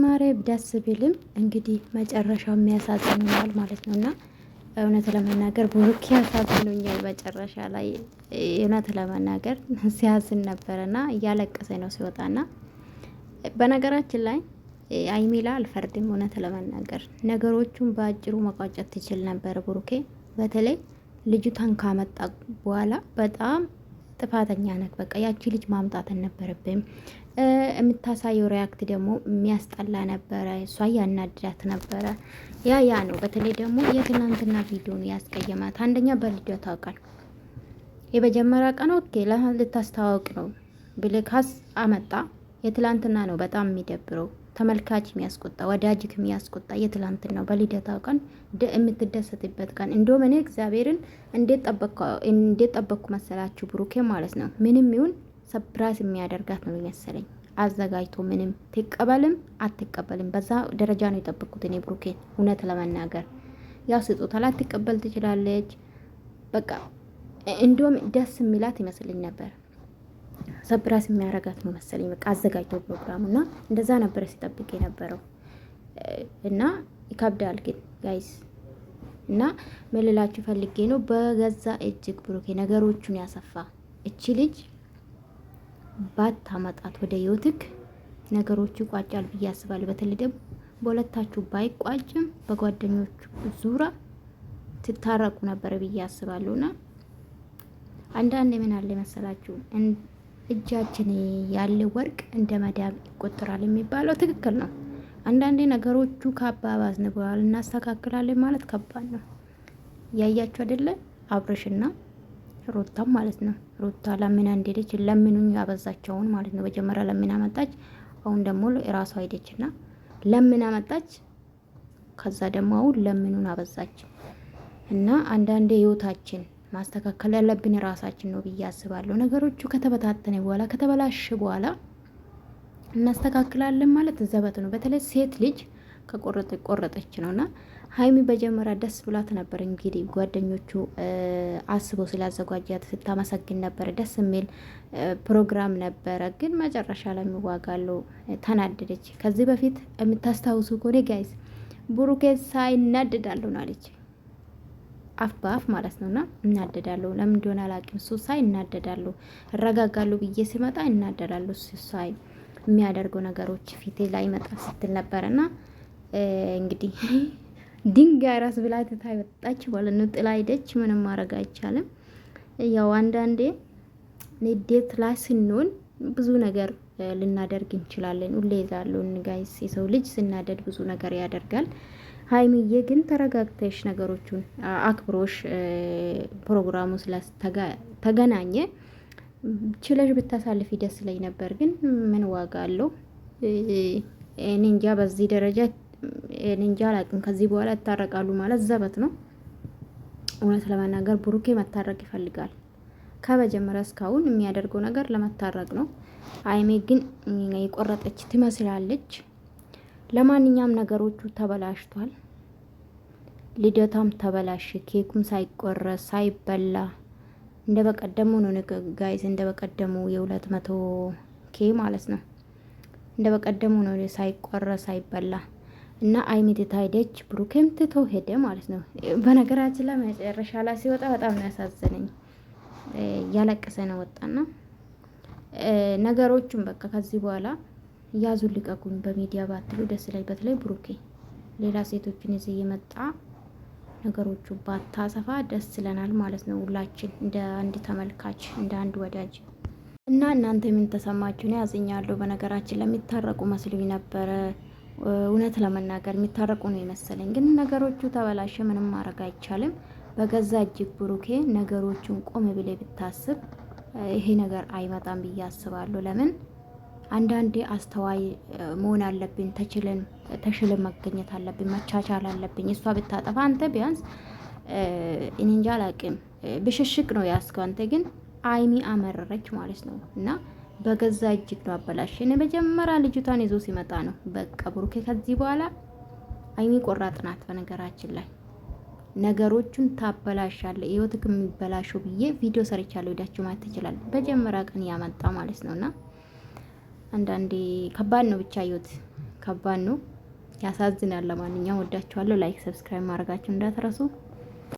ጅማሬ ደስ ቢልም እንግዲህ መጨረሻው የሚያሳዝነዋል ማለት ነው። እና እውነት ለመናገር ብሩክ ያሳዝኑኛል መጨረሻ ላይ እውነት ለመናገር ሲያዝን ነበረና እያለቀሰ ነው ሲወጣና በነገራችን ላይ አይሚላ አልፈርድም። እውነት ለመናገር ነገሮቹን በአጭሩ መቋጨት ትችል ነበር ብሩኬ። በተለይ ልጅቷን ካመጣ በኋላ በጣም ጥፋተኛ ነክ በቃ ያቺ ልጅ ማምጣት ነበረብኝ። የምታሳየው ሪያክት ደግሞ የሚያስጠላ ነበረ። እሷ ያናድዳት ነበረ። ያ ያ ነው። በተለይ ደግሞ የትናንትና ቪዲዮን ያስቀየማት አንደኛ በልጇ ታውቃል። የመጀመሪያ ቀን ኦኬ ልታስተዋውቅ ነው ብልካስ አመጣ። የትላንትና ነው በጣም የሚደብረው። ተመልካች የሚያስቆጣ ወዳጅ የሚያስቆጣ ነው። በልደታው ቀን የምትደሰትበት ቀን እንደውም እኔ እግዚአብሔርን እንዴት ጠበቅኩ መሰላችሁ? ብሩኬ ማለት ነው ምንም ይሁን ሰፕራይዝ የሚያደርጋት ነው መሰለኝ። አዘጋጅቶ ምንም ትቀበልም አትቀበልም በዛ ደረጃ ነው የጠበቅኩት እኔ ብሩኬን እውነት ለመናገር ያው ስጦታ ላትቀበል ትችላለች። በቃ እንዲሁም ደስ የሚላት ይመስልኝ ነበር። ሰብራስ የሚያረጋት ነው መሰለኝ። በቃ አዘጋጀው ፕሮግራሙ እና እንደዛ ነበረ ሲጠብቅ የነበረው እና ይከብዳል ግን ጋይስ እና መልላችሁ ፈልጌ ነው በገዛ እጅግ ብሩኬ ነገሮቹን ያሰፋ እቺ ልጅ ባታመጣት ወደ ህይወትክ ነገሮቹ ይቋጫል ብዬ አስባለሁ። በተለይ ደግሞ በሁለታችሁ ባይቋጭም በጓደኞቹ ዙራ ትታረቁ ነበር ብዬ አስባለሁና አንዳንድ ምን አለ መሰላችሁ እጃችን ያለ ወርቅ እንደ መዳብ ይቆጠራል የሚባለው ትክክል ነው። አንዳንዴ ነገሮቹ ከአባባዝን በኋላ እናስተካክላለን ማለት ከባድ ነው። ያያችሁ አይደለ አብረሽና ሩታም ማለት ነው። ሩታ ለምና እንደሄደች ለምኑኝ ያበዛቸውን ማለት ነው። መጀመሪያ ለምና መጣች። አሁን ደግሞ ራሷ ሄደችና ለምና መጣች። ከዛ ደግሞ አሁን ለምኑን አበዛች እና አንዳንዴ ህይወታችን ማስተካከል ያለብን የራሳችን ነው ብዬ አስባለሁ። ነገሮቹ ከተበታተነ በኋላ ከተበላሸ በኋላ እናስተካክላለን ማለት ዘበት ነው። በተለይ ሴት ልጅ ከቆረጠ ቆረጠች ነው ነውና ሀይሚ በጀመሪያ ደስ ብሏት ነበር። እንግዲህ ጓደኞቹ አስቦ ስላዘጓጃት ስታመሰግን ነበር። ደስ የሚል ፕሮግራም ነበረ። ግን መጨረሻ ላይ የሚዋጋሉ ተናደደች። ከዚህ በፊት የምታስታውሱ ኮኔ ጋይዝ ብሩኬ ሳይናደዳለሁ አለች። አፍ በአፍ ማለት ነውና እናደዳለሁ። ለምን እንደሆነ አላውቅም። እሱ ሳይ እናደዳለሁ። እረጋጋለሁ ብዬ ሲመጣ እናደዳለሁ። እሱ ሳይ የሚያደርገው ነገሮች ፊቴ ላይ መጣ ስትል ነበረና እንግዲህ ድንጋይ ራስ ብላ ትታ ወጣች ማለት ነው። ጥላ ሄደች። ምንም ማድረግ አይቻልም። ያው አንዳንዴ ንዴት ላይ ስንሆን ብዙ ነገር ልናደርግ እንችላለን። ሁሌ ዛለውን ጋይስ የሰው ልጅ ስናደድ ብዙ ነገር ያደርጋል። ሀይሚዬ ግን ተረጋግተሽ ነገሮቹን አክብሮሽ ፕሮግራሙ ስለተገናኘ ችለሽ ብታሳልፊ ደስ ላይ ነበር። ግን ምን ዋጋ አለው? እኔ እንጃ በዚህ ደረጃ እኔ እንጃ አላቅም። ከዚህ በኋላ ይታረቃሉ ማለት ዘበት ነው። እውነት ለመናገር ብሩኬ መታረቅ ይፈልጋል። ከመጀመሪያ እስካሁን የሚያደርገው ነገር ለመታረቅ ነው። አይሜ ግን የቆረጠች ትመስላለች። ለማንኛውም ነገሮቹ ተበላሽቷል። ልደቷም ተበላሽ። ኬኩም ሳይቆረስ ሳይበላ እንደ በቀደሙ ነው። ጋይዝ እንደ በቀደሙ የሁለት መቶ ኬ ማለት ነው። እንደ በቀደሙ ነው ሳይቆረስ ሳይበላ እና አይሚ ትታይደች ብሩኬም ትቶ ሄደ ማለት ነው። በነገራችን ላይ መጨረሻ ላይ ሲወጣ በጣም ነው ያሳዘነኝ። እያለቀሰ ነው ወጣና ነገሮቹን በቃ ከዚህ በኋላ ያዙ ልቀቁኝ በሚዲያ ባትሉ ደስ ላይ በተለይ ብሩኬ ሌላ ሴቶችን እዚህ እየመጣ ነገሮቹ ባታሰፋ ደስ ይለናል ማለት ነው ሁላችን እንደ አንድ ተመልካች እንደ አንድ ወዳጅ እና እናንተ ምን ተሰማችሁ? ነው ያዝኛለሁ። በነገራችን ለሚታረቁ መስሎኝ ነበረ። እውነት ለመናገር የሚታረቁ ነው የመሰለኝ፣ ግን ነገሮቹ ተበላሸ። ምንም ማድረግ አይቻልም። በገዛ እጅግ ብሩኬ ነገሮችን ቆም ብሌ ብታስብ ይሄ ነገር አይመጣም ብዬ አስባለሁ። ለምን አንዳንዴ አስተዋይ መሆን አለብን። ተችልን ተሽልን መገኘት አለብን። መቻቻል አለብኝ። እሷ ብታጠፋ አንተ ቢያንስ እኔ እንጃ አላቅም ብሽሽቅ ነው ያስገው። አንተ ግን አይሚ አመረረች ማለት ነው እና በገዛ እጅግ ነው አበላሽ። እኔ መጀመሪያ ልጅቷን ይዞ ሲመጣ ነው በቃ ብሩኬ ከዚህ በኋላ አይሚ ቆራጥ ናት በነገራችን ላይ ነገሮቹን ታበላሻለ ህይወትክ የሚበላሹ ብዬ ቪዲዮ ሰርቻለሁ። ሄዳችሁ ማየት ትችላል። በጀመሪያ ቀን ያመጣ ማለት ነውና አንዳንዴ ከባድ ነው። ብቻ ህይወት ከባድ ነው፣ ያሳዝናል። ለማንኛውም ወዳችኋለሁ። ላይክ ሰብስክራይብ ማድረጋችሁ እንዳትረሱ።